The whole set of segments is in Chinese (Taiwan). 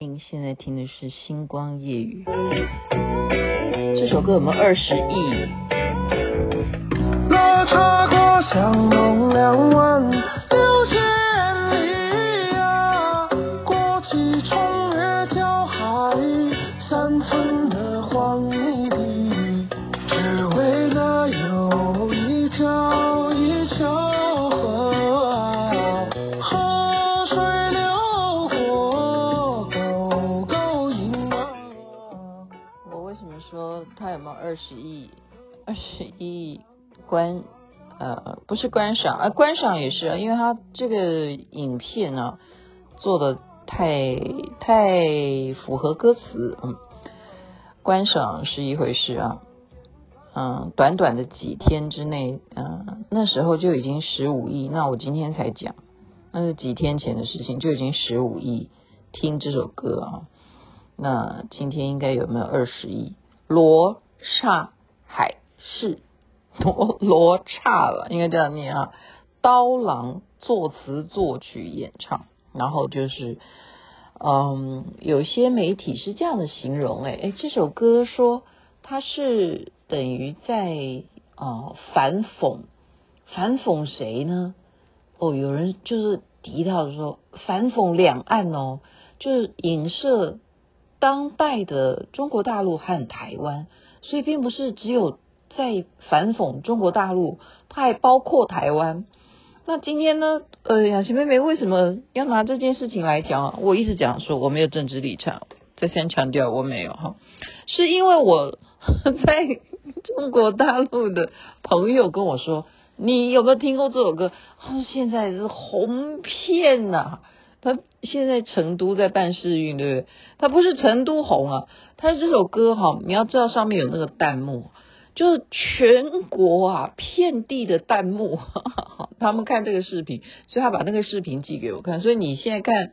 您現在聽的是《星光夜語》，這首歌我們二十億。落差過說他有沒有二十億？二十億觀呃不是觀賞啊、呃，觀賞也是啊，因為他這個影片呢、啊，做得太太符合歌詞，嗯，觀賞是一回事啊，嗯，短短的幾天之內，嗯、呃，那時候就已經十五億，那我今天才講，那是幾天前的事情就已經十五億，聽這首歌啊，那今天應該有沒有二十億？羅剎海市，羅羅剎了，應該這樣念啊。刀郎作詞作曲演唱，然後就是，嗯，有些媒體是這樣的形容誒，哎哎，這首歌說它是等於在啊、呃、反諷，反諷誰呢？哦，有人就是提到說反諷兩岸哦，就是影射。當代的中國大陸和台灣，所以並不是只有在反諷中國大陸，它還包括台灣。那今天呢？呃、哎，雅琪妹妹為什麼要拿這件事情來講？我一直講說我沒有政治立場，再三強調我沒有，哈，是因為我在中國大陸的朋友跟我說，你有沒有聽過這首歌？哦，現在是紅片吶、啊。他現在成都在辦事運，對不對？他不是成都紅啊，他這首歌哈、哦，你要知道上面有那個彈幕，就是全國啊，遍地的彈幕，哈，他們看這個視頻，所以他把那個視頻寄給我看。所以你現在看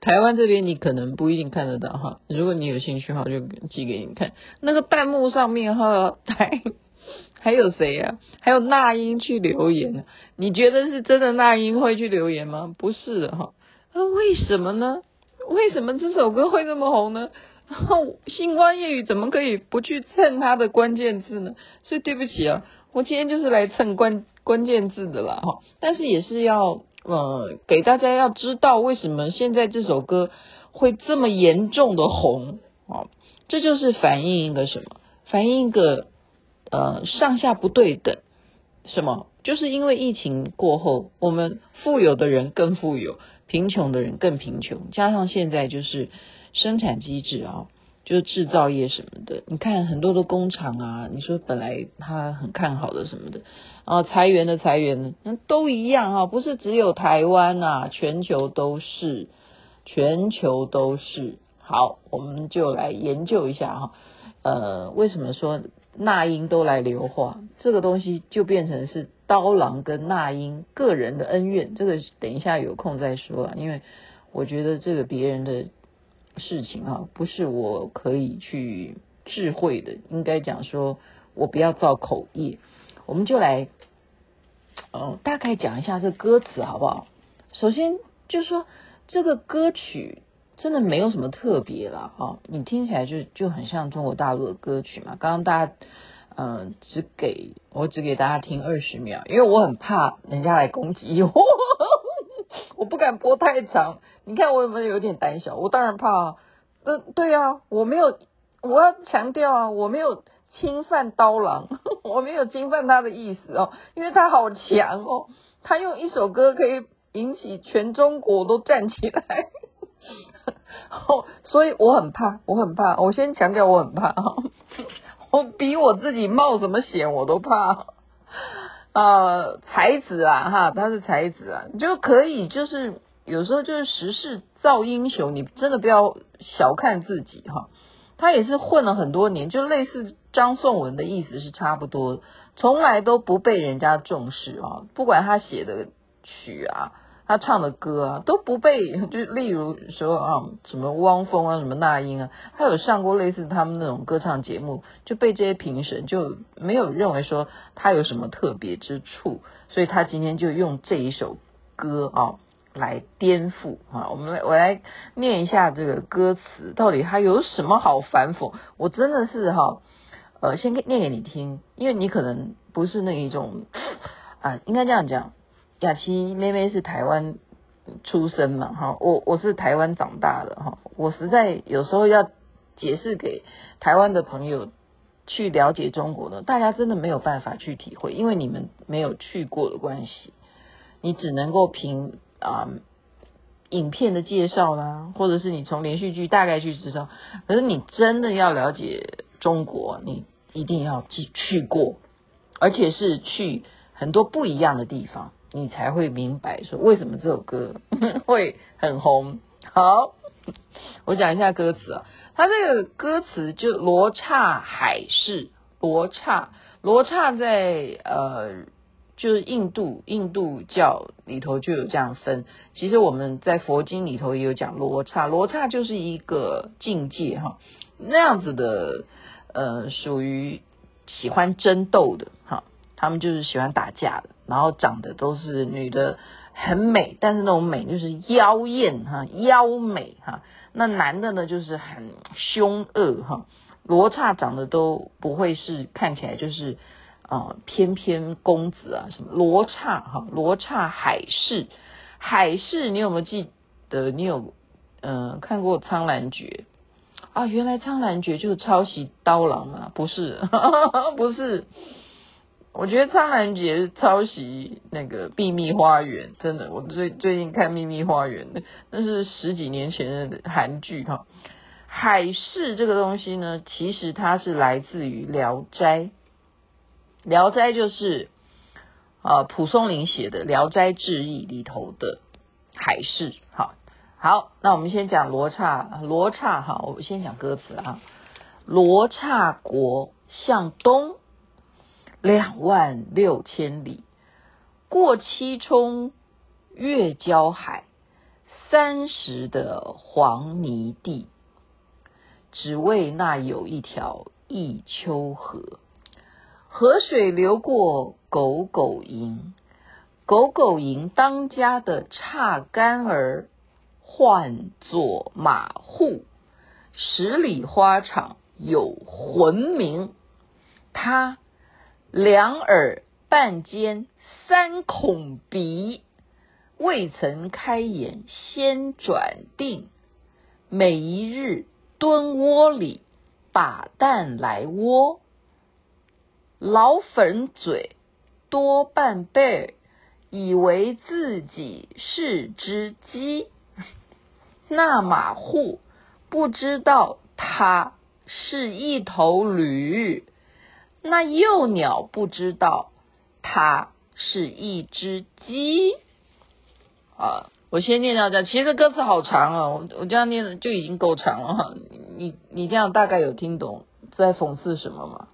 台灣這邊，你可能不一定看得到哈。如果你有興趣，哈，就寄給你看。那個彈幕上面哈，還還有誰啊？還有那英去留言、啊、你覺得是真的那英會去留言嗎？不是哈。那為什麼呢？為什麼這首歌會這麼紅呢？然後星光夜語怎麼可以不去蹭它的關鍵字呢？所以對不起啊，我今天就是來蹭關關鍵字的啦。哈。但是也是要呃給大家要知道為什麼現在這首歌會這麼嚴重的紅啊、哦，這就是反映一個什麼？反映一個呃上下不對等什麼？就是因為疫情過後，我們富有的人更富有。貧窮的人更貧窮，加上現在就是生產機制啊，就是制造業什麼的，你看很多的工廠啊，你說本來他很看好的什麼的啊，裁員的裁員的，那都一樣哈，不是只有台灣啊，全球都是，全球都是。好，我們就來研究一下哈，呃，為什麼說？那英都來留話，這個東西就變成是刀郎跟那英個人的恩怨，這個等一下有空再說啊，因為我覺得這個別人的事情啊，不是我可以去置喙的，應該講說我不要造口業，我們就來，呃、嗯，大概講一下這歌詞好不好？首先就說這個歌曲。真的沒有什麼特別了哈、哦，你聽起來就就很像中國大陸的歌曲嘛。剛剛大家，嗯、呃，只給我只給大家聽二十秒，因為我很怕人家來攻擊我，呵呵呵，我不敢播太長。你看我有沒有有點膽小？我當然怕啊。嗯、呃，對啊，我沒有，我要強調啊，我沒有侵犯刀郎，我沒有侵犯他的意思哦，因為他好強哦，他用一首歌可以引起全中國都站起來。所以我很怕，我很怕，我先強調我很怕，呵呵，我比我自己冒什麼險我都怕，呵呵。呃，才子啊，哈，他是才子啊，就可以就是有時候就是時勢造英雄，你真的不要小看自己哈。他也是混了很多年，就類似張頌文的意思是差不多，從來都不被人家重視啊，不管他寫的曲啊。他唱的歌啊都不被，就例如說啊，什麼汪峰啊，什麼那英啊，他有上過類似他們那種歌唱節目，就被這些評審就沒有認為說他有什麼特別之處，所以他今天就用這一首歌啊來顛覆啊。我們來我來念一下這個歌詞，到底他有什麼好反諷？我真的是哈、啊，呃，先念給你聽，因為你可能不是那一種啊、呃，應該這樣講。雅琪妹妹是台灣出生嘛？哈，我我是台灣長大的哈。我實在有時候要解釋給台灣的朋友去了解中國的，大家真的沒有辦法去體會，因為你們沒有去過的關係，你只能夠憑啊影片的介紹啦、啊，或者是你從連續劇大概去知道。可是你真的要了解中國，你一定要去去過，而且是去很多不一樣的地方。你才會明白說為什麼這首歌會很紅。好，我講一下歌詞啊，它這個歌詞就羅剎海市，羅剎羅剎在呃就是印度印度教裡頭就有這樣分，其實我們在佛經裡頭也有講羅剎，羅剎就是一個境界哈、哦，那樣子的呃屬於喜歡爭鬥的哈、哦。他們就是喜歡打架的，然後長得都是女的很美，但是那種美就是妖豔哈，妖美哈。那男的呢就是很凶惡哈。羅剎長得都不會是看起來就是啊、呃、翩翩公子啊什麼羅剎哈，羅剎海市海市，你有沒有記得你有嗯、呃、看過蒼蘭訣啊？原來蒼蘭訣就是抄襲刀郎啊？不是，呵呵呵不是。我覺得《蒼蘭訣》是抄襲那個《秘密花園》，真的。我最最近看《秘密花園》，那是十幾年前的韓劇哈、啊。海市這個東西呢，其實它是來自於《聊齋》。《聊齋》就是啊，呃、蒲松齡寫的《聊齋志異》裡頭的海市。好、啊，好，那我們先講羅剎，羅剎哈，我先講歌詞啊。羅剎國向東。兩萬六千里，過七衝，越焦海，三十的黃泥地，只為那有一條一丘河，河水流過苟苟營，苟苟營當家的叉桿兒，喚作馬戶，十里花場有渾名，他。兩耳半尖，三孔鼻，未曾開言先轉腚。每一日蹲窩裡，把蛋來窩。老粉嘴多半輩，以為自己是隻雞。那馬戶不知道他是一頭驢。那幼鳥不知道它是一隻雞啊！我先念到這，其實歌詞好長哦，我我這樣念就已經夠長了。哈。你你這樣大概有聽懂在諷刺什麼嗎？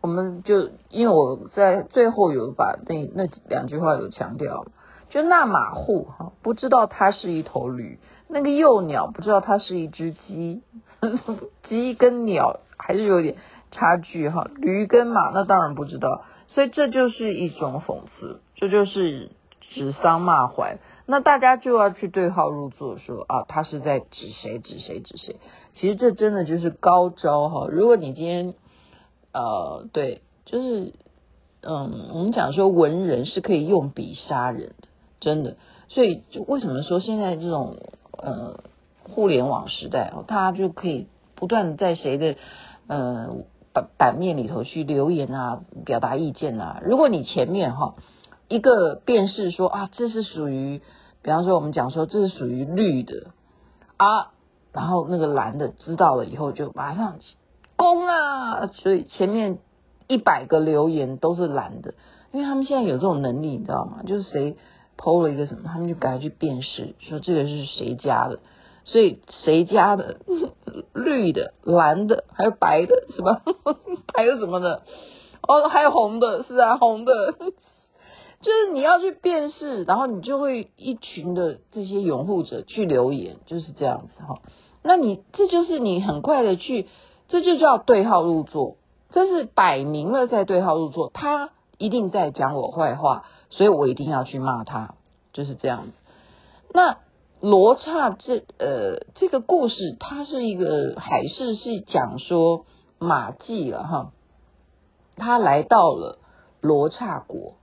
我們就因為我在最後有把那那兩句話有強調，就那馬戶哈不知道它是一頭驢，那個幼鳥不知道它是一隻雞，雞跟鳥還是有點。差距哈，驢跟馬那當然不知道，所以這就是一種諷刺，這就是指桑罵槐。那大家就要去對號入座說，說啊，他是在指誰指誰指誰。其實這真的就是高招哈。如果你今天呃，對，就是嗯，我們講說文人是可以用筆殺人的，真的。所以就為什麼說現在這種呃互聯網時代，他就可以不斷在誰的呃。版版面裡頭去留言啊，表達意見啊。如果你前面齁一個辨識說啊，這是屬於，比方說我們講說這是屬於綠的啊，然後那個藍的知道了以後就馬上攻啊，所以前面一百個留言都是藍的，因為他們現在有這種能力，你知道嗎？就是誰 po 了一個什麼，他們就趕快去辨識說這個是誰家的，所以誰家的。綠的、藍的，還有白的，是吧？還有什麼的？哦，還有紅的，是啊，紅的，就是你要去辨識，然後你就會一群的這些擁護者去留言，就是這樣子哈、哦。那你這就是你很快的去，這就叫對號入座，這是擺明了在對號入座，他一定在講我壞話，所以我一定要去罵他，就是這樣子。那。羅剎這呃這個故事，它是一個海市，是講說馬季了、啊、哈，他來到了羅剎國，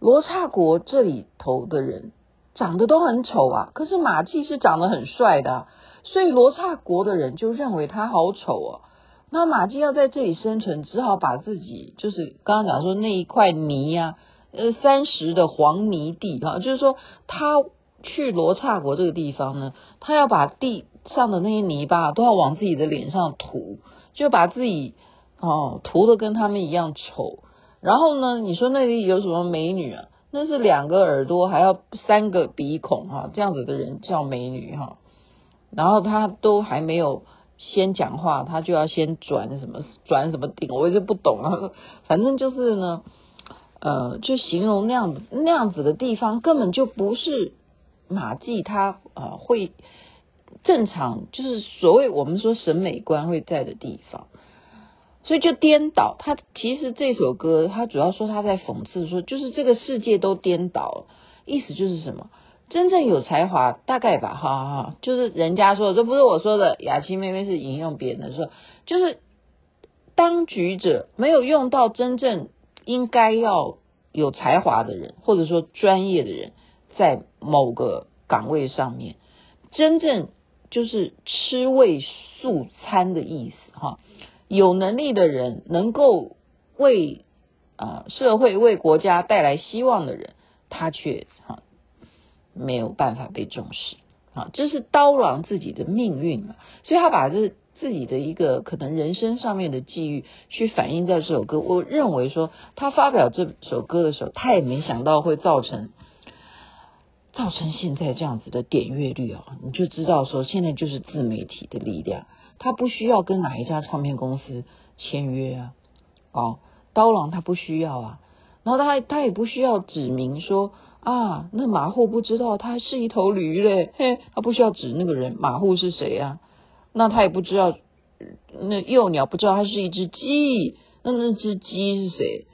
羅剎國這裡頭的人長得都很醜啊，可是馬季是長得很帥的、啊，所以羅剎國的人就認為他好醜哦、啊。那馬季要在這裡生存，只好把自己就是剛剛講說那一塊泥呀、啊，呃，三十的黃泥地哈、啊，就是說他。去羅剎國這個地方呢，他要把地上的那些泥巴都要往自己的臉上塗，就把自己哦塗得跟他們一樣醜。然後呢，你說那裡有什麼美女啊？那是兩個耳朵還要三個鼻孔哈，這樣子的人叫美女哈。然後他都還沒有先講話，他就要先轉什麼轉什麼頂，我就不懂了啊。反正就是呢，呃，就形容那樣子那樣子的地方根本就不是。馬季他啊、呃、會正常，就是所謂我們說審美觀會在的地方，所以就顛倒。他其實這首歌他主要說他在諷刺，說就是這個世界都顛倒。意思就是什麼？真正有才華大概吧，哈哈，就是人家說，這不是我說的。雅琪妹妹是引用別人的說，就是當局者沒有用到真正應該要有才華的人，或者說專業的人。在某個崗位上面，真正就是吃味素餐的意思哈。有能力的人，能夠為啊、呃、社會、為國家帶來希望的人，他卻哈沒有辦法被重視啊。這是刀郎自己的命運啊，所以他把這自己的一個可能人生上面的際遇，去反映在這首歌。我認為說，他發表這首歌的時候，他也沒想到會造成。造成現在這樣子的點閱率哦、啊,你就知道說，現在就是自媒體的力量,他不需要跟哪一家唱片公司簽約啊,哦,刀郎他不需要啊,然後他他也不需要指明說啊,那馬戶不知道他是一頭驢嘞,嘿,他不需要指那個人馬戶是誰啊,那他也不知道那又鳥不知道他是一隻雞,那那隻雞是誰？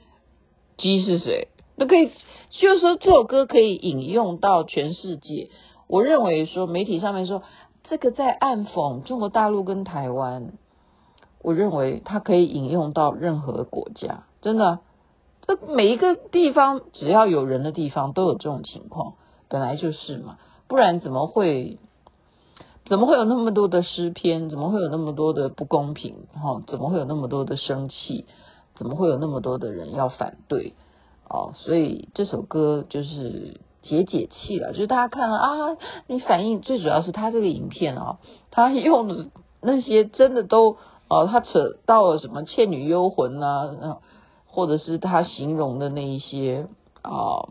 雞是誰？都可以，就是說這首歌可以引用到全世界。我認為說媒體上面說這個在暗諷中國大陸跟台灣，我認為它可以引用到任何國家，真的啊。這每一個地方只要有人的地方都有這種情況，本來就是嘛，不然怎麼會怎麼會有那麼多的詩篇？怎麼會有那麼多的不公平？哈、哦，怎麼會有那麼多的生氣？怎麼會有那麼多的人要反對？哦，所以這首歌就是解解氣了。就是大家看了啊，啊，你反應最主要是他這個影片啊，他用的那些真的都哦、呃，他扯到了什麼《倩女幽魂》啊，或者是他形容的那一些啊、呃，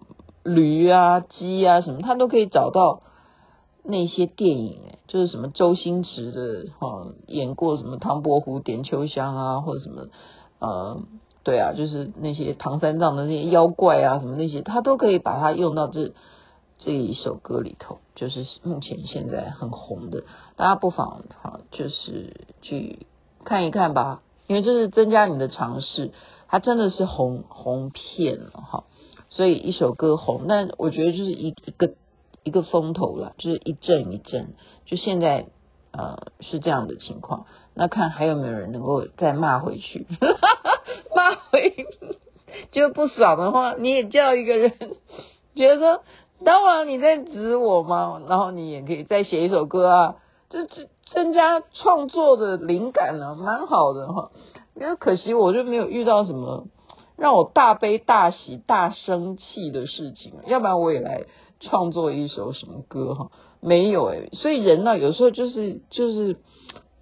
驢啊、雞啊、雞啊什麼，他都可以找到那些電影哎，就是什麼周星馳的、呃、演過什麼《唐伯虎點秋香》啊，或者什麼呃。對啊，就是那些唐三藏的那些妖怪啊，什麼那些，他都可以把它用到這這一首歌裡頭。就是目前現在很紅的，大家不妨哈，就是去看一看吧，因為這是增加你的嘗試。它真的是紅紅片了哈，所以一首歌紅，那我覺得就是一一個一個風頭了，就是一陣一陣，就現在呃是這樣的情況。那看還有沒有人能夠再罵回去。呵呵 就不爽的話，你也叫一個人，覺得說，當然你在指我嗎？然後你也可以再寫一首歌啊，就增增加創作的靈感啊，蠻好的哈。因為可惜我就沒有遇到什麼讓我大悲大喜大生氣的事情，要不然我也來創作一首什麼歌哈。沒有，欸，所以人呢，啊，有時候就是就是。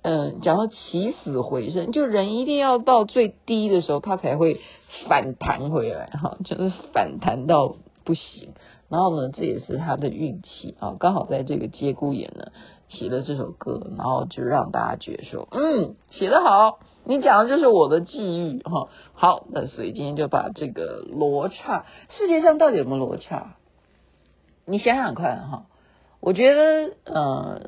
嗯，講到起死回生，就人一定要到最低的時候，他才會反彈回來哈、哦，就是反彈到不行。然後呢，這也是他的運氣啊、哦，剛好在這個節骨眼呢，寫了這首歌，然後就讓大家覺得說，嗯，寫得好，你講的就是我的際遇哈。好，那所以今天就把這個羅剎，世界上到底有沒有羅剎？你想想看哈、哦，我覺得，呃。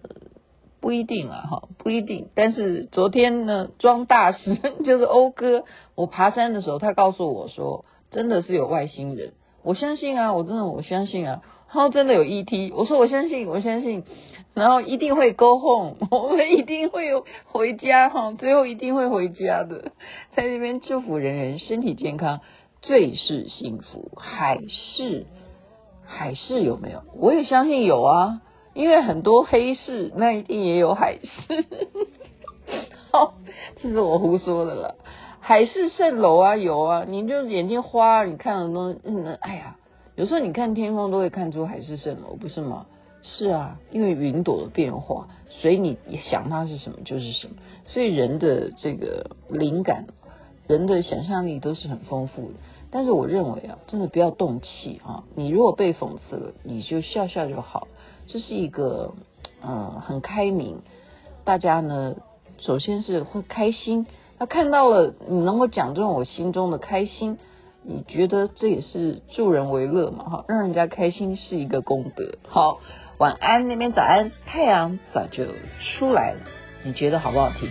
不一定啊，哈，不一定。但是昨天呢，莊大師就是歐哥，我爬山的時候，他告訴我說，真的是有外星人，我相信啊，我真的我相信啊，然後真的有 ET，我說我相信，我相信，然後一定會 Go Home，我們一定會有回家哈，最後一定會回家的，在這邊祝福人人身體健康，最是幸福，海市，海市有沒有？我也相信有啊。因為很多黑市，那一定也有海市。 好，這是我胡說的了。海市蜃樓啊，有啊，你就眼睛花，啊，你看很多，嗯，哎呀，有時候你看天空都會看出海市蜃樓，不是嗎？是啊，因為雲朵的變化，所以你想它是什麼就是什麼。所以人的這個靈感，人的想象力都是很豐富的。但是我認為啊，真的不要動氣啊。你如果被諷刺了，你就笑笑就好。這是一個嗯、呃，很開明。大家呢，首先是會開心。他看到了你能夠講中我心中的開心，你覺得這也是助人為樂嘛？哈，讓人家開心是一個功德。好，晚安，那邊早安，太陽早就出來了。你覺得好不好聽？